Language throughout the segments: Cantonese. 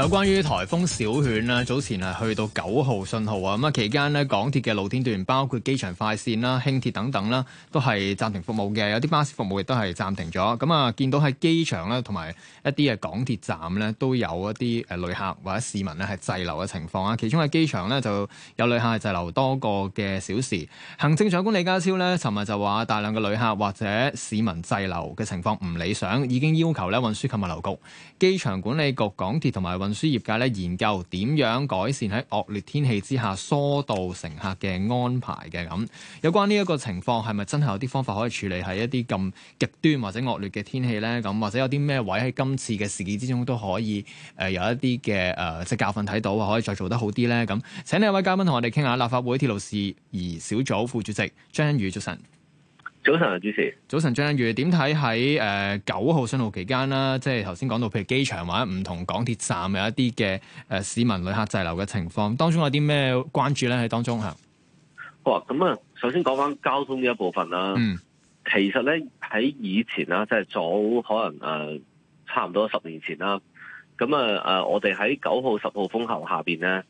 有關於颱風小犬啦，早前係去到九號信號啊，咁啊期間呢港鐵嘅露天段，包括機場快線啦、輕鐵等等啦，都係暫停服務嘅。有啲巴士服務亦都係暫停咗。咁啊，見到喺機場啦，同埋一啲嘅港鐵站呢，都有一啲誒旅客或者市民呢係滯留嘅情況啊。其中喺機場呢，就有旅客係滯留多個嘅小時。行政長官李家超呢，尋日就話大量嘅旅客或者市民滯留嘅情況唔理想，已經要求呢運輸及物流局、機場管理局、港鐵同埋運運輸業界咧研究點樣改善喺惡劣天氣之下疏導乘客嘅安排嘅咁，有關呢一個情況係咪真係有啲方法可以處理喺一啲咁極端或者惡劣嘅天氣呢？咁或者有啲咩位喺今次嘅事件之中都可以誒、呃、有一啲嘅誒即係教訓睇到，可以再做得好啲呢？咁，請呢位嘉賓同我哋傾下立法會鐵路事宜小組副主席張欣宇，早晨。早晨，主持。早晨，張欣宇，點睇喺誒九號信號期間啦，即係頭先講到，譬如機場或者唔同港鐵站有一啲嘅誒市民旅客滯留嘅情況，當中有啲咩關注咧？喺當中吓。好啊，咁啊，首先講翻交通呢一部分啦。嗯其呢、呃呃，其實咧喺以前啦，即係早可能誒差唔多十年前啦，咁啊誒我哋喺九號十號風球下邊咧，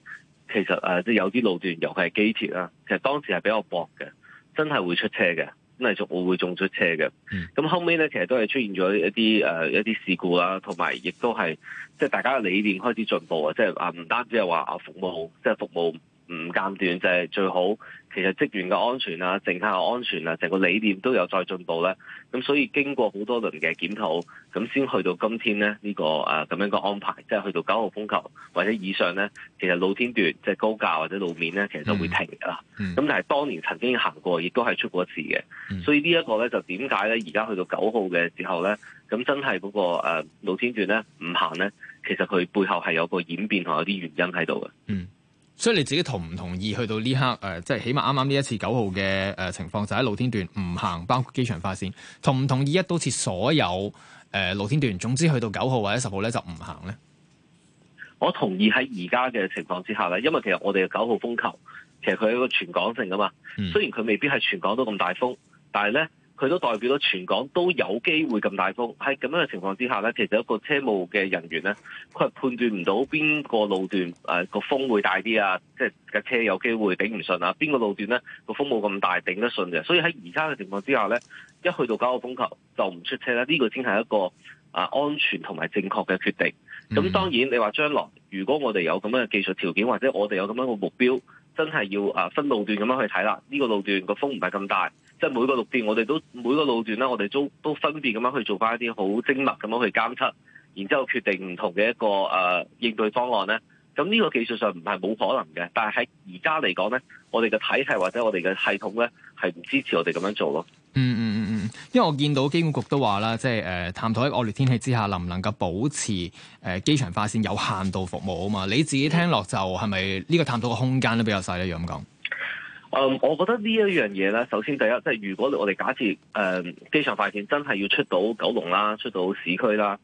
其實誒即係有啲路段，尤其係機鐵啦，其實當時係比較薄嘅，真係會出車嘅。真係仲會會中出車嘅，咁後尾咧其實都係出現咗一啲誒、呃、一啲事故啦，同埋亦都係即係大家嘅理念開始進步啊！即係啊，唔單止係話啊服務，即係服務唔間斷就係最好。其實職員嘅安全啊，乘客嘅安全啊，成個理念都有再進步咧。咁所以經過好多輪嘅檢討，咁先去到今天咧呢、這個誒咁、呃、樣嘅安排，即係去到九號風球或者以上咧，其實露天段即係高架或者路面咧，其實就會停㗎喇。咁、嗯嗯、但係當年曾經行過，亦都係出過一次嘅。所以這個呢一個咧，就點解咧而家去到九號嘅時候咧，咁真係嗰、那個、呃、露天段咧唔行咧，其實佢背後係有個演變同有啲原因喺度嘅。嗯。所以你自己同唔同意去到呢刻即係、呃、起碼啱啱呢一次九號嘅情況，就喺露天段唔行，包括機場快線，同唔同意一刀切所有、呃、露天段？總之去到九號或者十號咧就唔行咧。我同意喺而家嘅情況之下咧，因為其實我哋嘅九號風球，其實佢係一個全港性噶嘛。嗯、雖然佢未必係全港都咁大風，但係咧。佢都代表咗全港都有機會咁大風，喺咁樣嘅情況之下呢，其實一個車務嘅人員呢，佢係判斷唔到邊個路段誒個、呃、風會大啲啊，即係架車有機會頂唔順啊，邊個路段呢個風冇咁大頂得順嘅，所以喺而家嘅情況之下呢，一去到九號風球就唔出車啦，呢、這個先係一個啊、呃、安全同埋正確嘅決定。咁當然你話將來如果我哋有咁樣嘅技術條件，或者我哋有咁樣嘅目標，真係要啊、呃、分路段咁樣去睇啦，呢、這個路段個風唔係咁大。即係每個路段，我哋都每個路段咧，我哋都都分別咁樣去做翻一啲好精密咁樣去監測，然之後決定唔同嘅一個誒、呃、應對方案咧。咁、這、呢個技術上唔係冇可能嘅，但係喺而家嚟講咧，我哋嘅體系或者我哋嘅系統咧係唔支持我哋咁樣做咯、嗯。嗯嗯嗯嗯，因為我見到機管局都話啦，即係誒探討喺惡劣天氣之下，能唔能夠保持誒機、呃、場快線有限度服務啊嘛？你自己聽落就係咪呢個探討嘅空間都比較細咧？咁講。誒、嗯，我覺得一呢一樣嘢咧，首先第一，即、就、係、是、如果我哋假設誒機場快線真係要出到九龍啦，出到市區啦，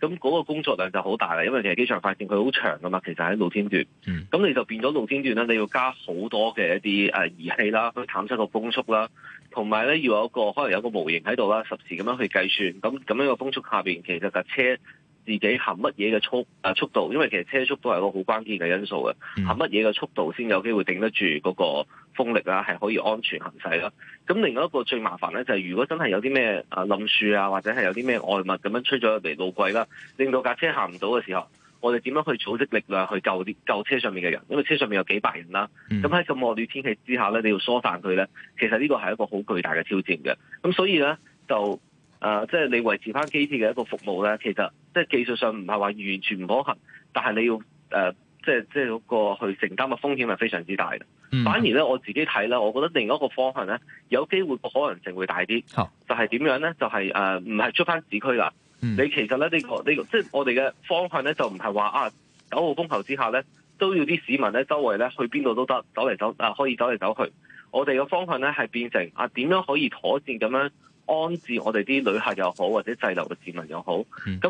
咁嗰個工作量就好大啦，因為其實機場快線佢好長噶嘛，其實喺露天段，咁、嗯、你就變咗露天段咧，你要加好多嘅一啲誒、呃、儀器啦，去探測個風速啦，同埋咧要有一個可能有個個模型喺度啦，實時咁樣去計算，咁咁樣個風速下面其實架車自己行乜嘢嘅速啊速度，因為其實車速都係一個好關鍵嘅因素嘅。嗯、行乜嘢嘅速度先有機會頂得住嗰個風力啦，係可以安全行駛啦。咁另外一個最麻煩咧，就係如果真係有啲咩誒冧樹啊，或者係有啲咩外物咁樣吹咗入嚟路軌啦，令到架車行唔到嘅時候，我哋點樣去組織力量去救啲救車上面嘅人？因為車上面有幾百人啦、啊。咁喺咁惡劣天氣之下咧，你要疏散佢咧，其實呢個係一個好巨大嘅挑戰嘅。咁所以咧就。誒、呃，即係你維持翻機鐵嘅一個服務咧，其實即係技術上唔係話完全唔可行，但係你要誒、呃，即係即係嗰個去承擔嘅風險係非常之大嘅。Mm-hmm. 反而咧，我自己睇咧，我覺得另一個方向咧，有機會個可能性會大啲。Oh. 就係點樣咧？就係誒，唔係出翻市區啦。Mm-hmm. 你其實咧呢個呢個即係我哋嘅方向咧，就唔係話啊九號風球之下咧，都要啲市民咧周圍咧去邊度都得走嚟走啊，可以走嚟走去。我哋嘅方向咧係變成啊，點樣可以妥善咁樣安置我哋啲旅客又好，或者滯留嘅市民又好，咁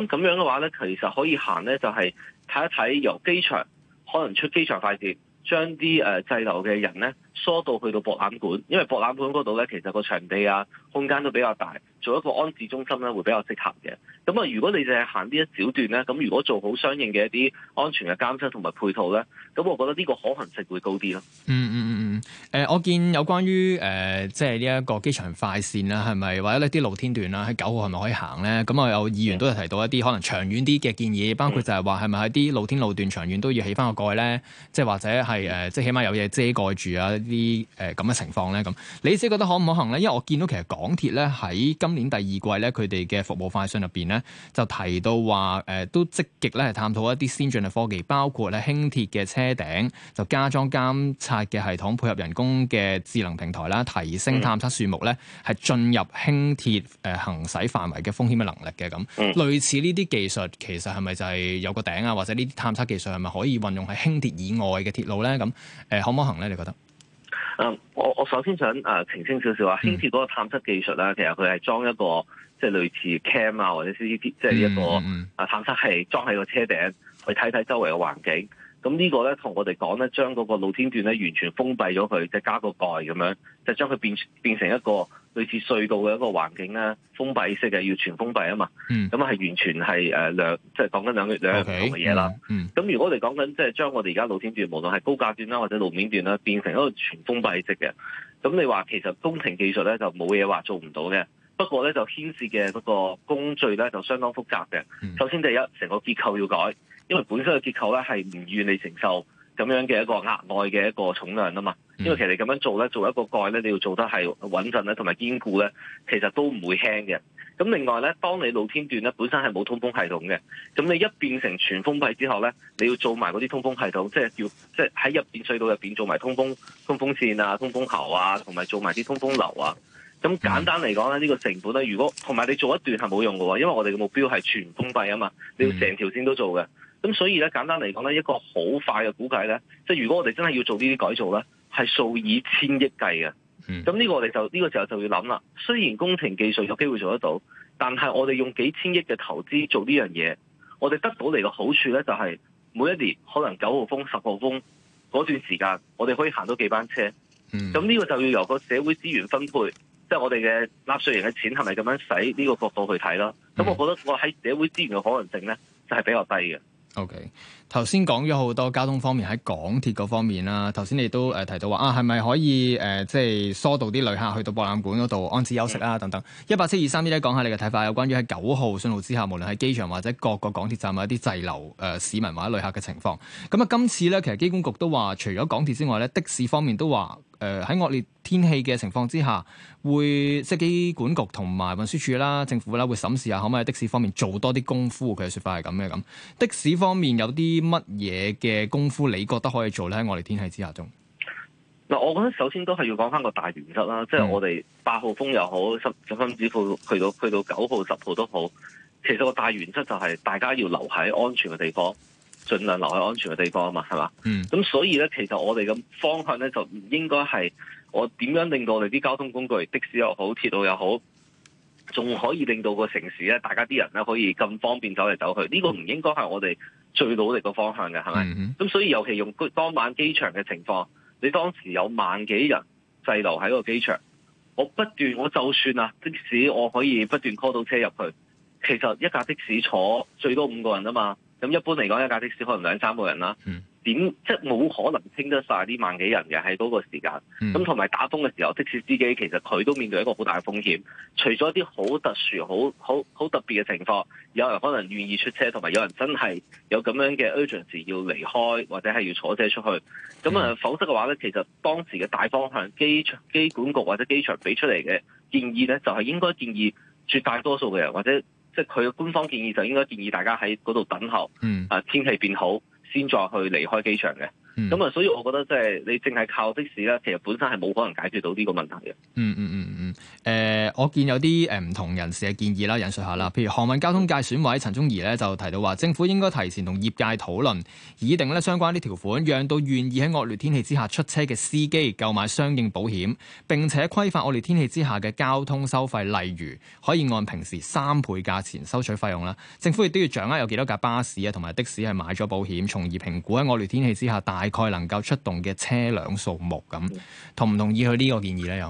咁、嗯、樣嘅話咧，其實可以行咧，就係睇一睇由機場可能出機場快線，將啲誒滯留嘅人咧。疏到去到博覽館，因為博覽館嗰度咧，其實個場地啊、空間都比較大，做一個安置中心咧會比較適合嘅。咁啊，如果你淨係行呢一小段咧，咁如果做好相應嘅一啲安全嘅監測同埋配套咧，咁我覺得呢個可行性會高啲咯、嗯。嗯嗯嗯嗯，誒、呃，我見有關於誒、呃，即係呢一個機場快線啦，係咪或者呢啲露天段啦，喺九號係咪可以行咧？咁啊，有議員都有提到一啲可能長遠啲嘅建議，包括就係話係咪喺啲露天路段長遠都要起翻個蓋咧，即係或者係誒、呃，即係起碼有嘢遮蓋住啊。啲誒咁嘅情況咧，咁你自己覺得可唔可行咧？因為我見到其實港鐵咧喺今年第二季咧，佢哋嘅服務快訊入邊咧，就提到話誒、呃、都積極咧係探討一啲先進嘅科技，包括咧輕鐵嘅車頂就加裝監測嘅系統，配合人工嘅智能平台啦，提升探測樹木咧係進入輕鐵誒行駛範圍嘅風險嘅能力嘅咁。嗯、類似呢啲技術其實係咪就係有個頂啊？或者呢啲探測技術係咪可以運用喺輕鐵以外嘅鐵路咧？咁誒、呃、可唔可行咧？你覺得？Um, 我我首先想啊澄清少少啊，嗯、輕鐵嗰個探測技術啦、啊，其實佢係裝一個即係類似 cam 啊或者 CCT，即係一個啊探測器裝喺個車頂去睇睇周圍嘅環境。咁呢個咧，同我哋講咧，將嗰個露天段咧完全封閉咗佢，即係加個蓋咁樣，就係將佢變變成一個類似隧道嘅一個環境咧，封閉式嘅，要全封閉啊嘛。嗯。咁啊，係完全係誒兩，即係講緊兩兩樣唔同嘅嘢啦。嗯。咁如果我哋講緊即係將我哋而家露天段，無論係高架段啦，或者路面段啦，變成一個全封閉式嘅，咁你話其實工程技術咧就冇嘢話做唔到嘅，不過咧就牽涉嘅嗰個工序咧就相當複雜嘅。嗯。首先第一，成個結構要改。因為本身嘅結構咧係唔願意你承受咁樣嘅一個額外嘅一個重量啊嘛，因為其實你咁樣做咧，做一個蓋咧，你要做得係穩陣咧，同埋堅固咧，其實都唔會輕嘅。咁另外咧，當你露天段咧本身係冇通風系統嘅，咁你一變成全封閉之後咧，你要做埋嗰啲通風系統，即係要即係喺入面隧道入面做埋通風通風扇啊、通風喉啊，同埋做埋啲通風樓啊。咁簡單嚟講咧，呢個成本咧，如果同埋你做一段係冇用嘅喎，因為我哋嘅目標係全封閉啊嘛，你要成條線都做嘅。咁所以咧，簡單嚟講咧，一個好快嘅估計咧，即係如果我哋真係要做呢啲改造咧，係數以千億計嘅。咁呢個我哋就呢、呢個時候就要諗啦。雖然工程技術有機會做得到，但係我哋用幾千億嘅投資做呢樣嘢，我哋得到嚟嘅好處咧，就係、是、每一年可能九號風十號風嗰段時間，我哋可以行到幾班車。咁呢、嗯、個就要由個社會資源分配，即、就、係、是、我哋嘅納稅人嘅錢係咪咁樣使呢、呢個角度去睇囉。咁我覺得我喺社會資源嘅可能性咧，就係、是、比較低嘅。O.K.，頭先講咗好多交通方面喺港鐵嗰方面啦。頭先你都提到話啊，係咪可以誒、呃、即係疏導啲旅客去到博覽館嗰度安置休息啦、啊？等等。一八七二三呢，講下你嘅睇法，有關於喺九號信號之下，無論喺機場或者各個港鐵站有啲滯留、呃、市民或者旅客嘅情況。咁啊，今次咧其實機管局都話，除咗港鐵之外咧，的士方面都話。誒喺惡劣天氣嘅情況之下，會即係機管局同埋運輸署啦、政府啦，會審視下可唔可以喺的士方面做多啲功夫。佢嘅説法係咁嘅。咁，的士方面有啲乜嘢嘅功夫，你覺得可以做咧？喺我哋天氣之下中，嗱，我覺得首先都係要講翻個大原則啦。即係、嗯、我哋八號風又好，十甚至乎去到去到九號、十號都好。其實個大原則就係大家要留喺安全嘅地方。盡量留喺安全嘅地方啊嘛，係嘛？嗯、mm。咁、hmm. 所以咧，其實我哋嘅方向咧就唔應該係我點樣令到我哋啲交通工具，的士又好，鐵路又好，仲可以令到個城市咧，大家啲人咧可以咁方便走嚟走去。呢、mm hmm. 個唔應該係我哋最努力嘅方向嘅，係咪？咁、mm hmm. 所以尤其用當晚機場嘅情況，你當時有萬幾人滯留喺個機場，我不斷，我就算啊的士，我可以不斷 call 到車入去，其實一架的士坐最多五個人啊嘛。咁一般嚟講，一架的士可能兩三個人啦，點、嗯、即冇可能清得晒啲萬幾人嘅喺嗰個時間。咁同埋打風嘅時候，的士司機其實佢都面對一個好大嘅風險。除咗一啲好特殊、好好好特別嘅情況，有人可能願意出車，同埋有，有人真係有咁樣嘅 urgency 要離開或者係要坐車出去。咁啊、嗯，否則嘅話咧，其實當時嘅大方向，機場機管局或者機場俾出嚟嘅建議咧，就係、是、應該建議絕大多數嘅人或者。佢嘅官方建議就應該建議大家喺嗰度等候，啊，天氣變好先再去離開機場嘅。咁啊，所以我覺得即係你淨係靠的士啦，其實本身係冇可能解決到呢個問題嘅。嗯嗯嗯嗯。誒、呃，我見有啲誒唔同人士嘅建議啦，引述下啦。譬如航運交通界選委陳忠儀咧，就提到話，政府應該提前同業界討論，擬定咧相關啲條款，讓到願意喺惡劣天氣之下出車嘅司機購買相應保險，並且規範惡劣天氣之下嘅交通收費，例如可以按平時三倍價錢收取費用啦。政府亦都要掌握有幾多架巴士啊，同埋的士係買咗保險，從而評估喺惡劣天氣之下大。概能夠出動嘅車輛數目咁，同唔同意佢呢個建議咧？又，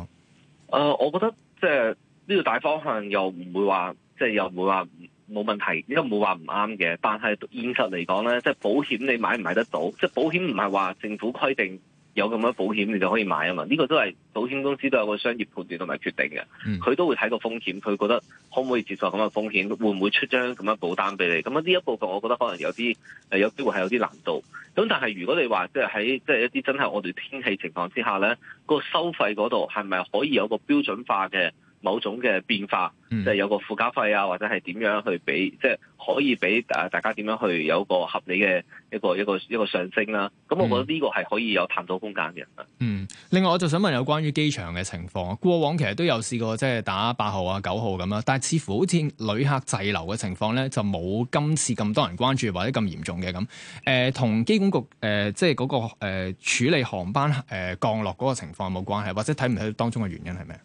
誒，我覺得即係呢個大方向又唔會話，即係又唔會話冇問題，因唔會話唔啱嘅。但係現實嚟講咧，即係保險你買唔買得到？即係保險唔係話政府規定。有咁樣保險，你就可以買啊嘛？呢、這個都係保險公司都有個商業判斷同埋決定嘅，佢、嗯、都會睇個風險，佢覺得可唔可以接受咁嘅風險，會唔會出張咁嘅保單俾你？咁樣呢一部分，我覺得可能有啲誒有機會係有啲難度。咁但係如果你話即係喺即係一啲真係我哋天氣情況之下咧，個收費嗰度係咪可以有個標準化嘅？某種嘅變化，即係有個附加費啊，或者係點樣去俾，即係可以俾大家點樣去有個合理嘅一個一個一個上升啦。咁我覺得呢個係可以有探索空間嘅。嗯，另外我就想問有關於機場嘅情況。過往其實都有試過即係打八號啊九號咁樣，但係似乎好似旅客滯留嘅情況咧，就冇今次咁多人關注或者咁嚴重嘅咁。誒、呃，同機管局誒、呃、即係、那、嗰個誒、呃、處理航班、呃、降落嗰個情況有冇關係，或者睇唔睇到當中嘅原因係咩？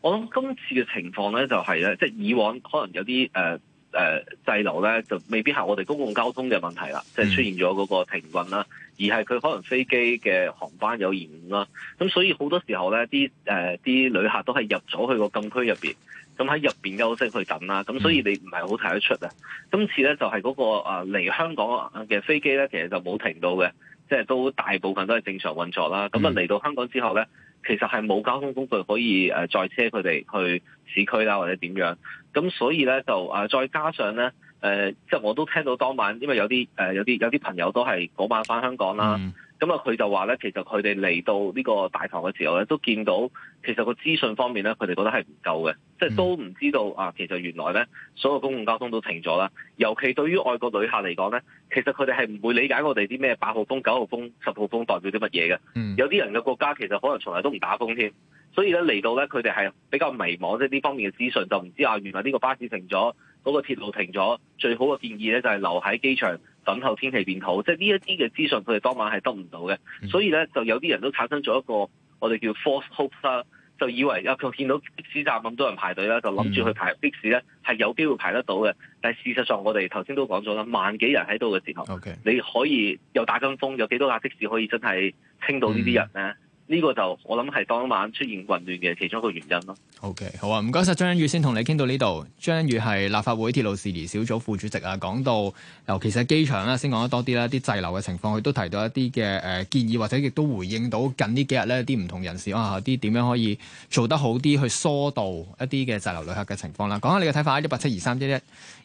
我諗今次嘅情況咧，就係、是、咧，即係以往可能有啲誒誒滯留咧，就未必係我哋公共交通嘅問題啦，即係、嗯、出現咗嗰個停運啦，而係佢可能飛機嘅航班有延誤啦。咁所以好多時候咧，啲誒啲旅客都係入咗去個禁區入邊，咁喺入邊休息去等啦。咁所以你唔係好睇得出啊。嗯、今次咧就係嗰、那個嚟香港嘅飛機咧，其實就冇停到嘅，即、就、係、是、都大部分都係正常運作啦。咁啊嚟到香港之後咧。其實係冇交通工具可以誒載車佢哋去市區啦，或者點樣咁，所以咧就再加上咧誒，即、呃、係我都聽到當晚，因為有啲、呃、有啲有啲朋友都係嗰晚返香港啦。嗯咁啊，佢、嗯、就話咧，其實佢哋嚟到呢個大堂嘅時候咧，都見到其實個資訊方面咧，佢哋覺得係唔夠嘅，即、就、係、是、都唔知道啊。其實原來咧，所有公共交通都停咗啦。尤其對於外國旅客嚟講咧，其實佢哋係唔會理解我哋啲咩八號風、九號風、十號風代表啲乜嘢嘅。嗯、有啲人嘅國家其實可能從來都唔打風添。所以咧嚟到咧，佢哋係比較迷茫，即係呢方面嘅資訊，就唔知啊原來呢個巴士停咗，嗰、那個鐵路停咗。最好嘅建議咧就係留喺機場。等候天氣變好，即係呢一啲嘅資訊，佢哋當晚係得唔到嘅，所以咧就有啲人都產生咗一個我哋叫 false hopes 啦，就以為佢見到的士站咁多人排隊啦，就諗住去排的士咧，係有機會排得到嘅。但係事實上，我哋頭先都講咗啦，萬幾人喺度嘅時候，Okay. 你可以又打緊風，有幾多架的士可以真係清到這些人呢啲人咧？嗯呢個就我諗係當晚出現混亂嘅其中一個原因咯。OK，好啊，唔該晒張欣宇，先同你傾到呢度。張欣宇係立法會鐵路事宜小組副主席啊，講到尤其是喺機場咧，先講得多啲啦，啲滯留嘅情況，佢都提到一啲嘅、呃、建議，或者亦都回應到近呢幾日呢啲唔同人士啊，啲點樣可以做得好啲去疏導一啲嘅滯留旅客嘅情況啦。講下你嘅睇法，一八七二三一一。